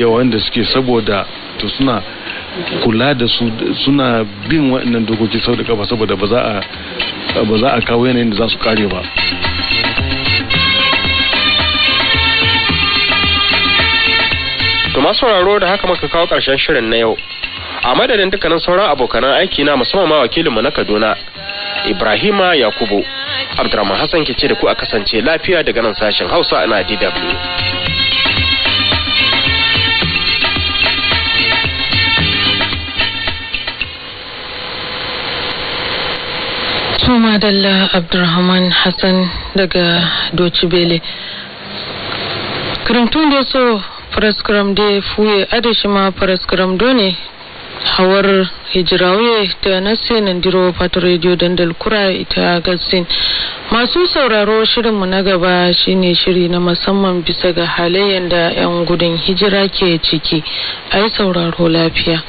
yawa wanda suke saboda to suna kula da su suna bin waɗannan dokoki sau da kafa saboda ba za a kawo yanayin da za su kare ba to masu sauraro da haka muka kawo ƙarshen shirin na yau a madadin dukkanin sauran abokanan aiki na musamman ma wakilinmu na kaduna ibrahima yakubu abdurrahman hassan ke ce da ku a kasance lafiya daga nan sashen hausa na dw to madalla abdulrahman hassan daga doci bele karamtun da so faraskaram da fuye adashi ma faraskaram ne hawar hijirawe ta nasi nandiro fatar rediyo dandal kura ita gasin masu sauraro shirinmu na gaba shine shiri na musamman bisa ga halayen da 'yan gudun hijira ke ciki a yi sauraro lafiya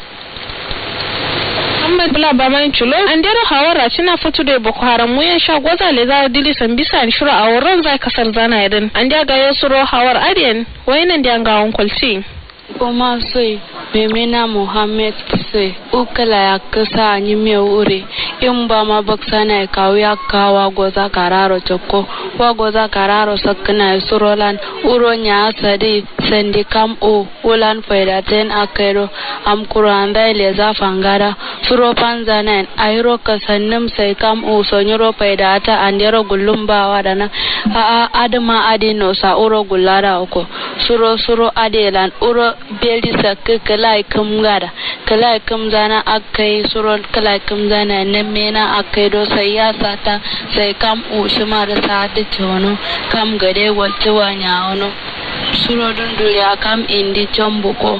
Muhammad Bula Baman Chulo andero hawara china da Boko Haram muyen sha gwaza le za dili san bisa an shura awran za kasar zana yadin an ja ga yosuro hawar adiyan wayinan da ngawon kulci kuma sai memena Muhammad sai ukala ya kasa ni me ure in ba ma baksa na kawo ya kawa goza kararo choko wa goza kararo sakna surolan uro nya kam o faida ten akero am kuranda leza fangara suro panzanen ayro kasannim sai kam o faida ta andero gulumba wadana a adama adino sa uro gulara oko suro suro adelan uro beldi sakke kalai kum gara kalai kum zana akai suro kalai kum zana na akai do sai ya sata sai kam o shimar sa ta tono kam gade wacce wanya ono surodun duniya kam indi comboko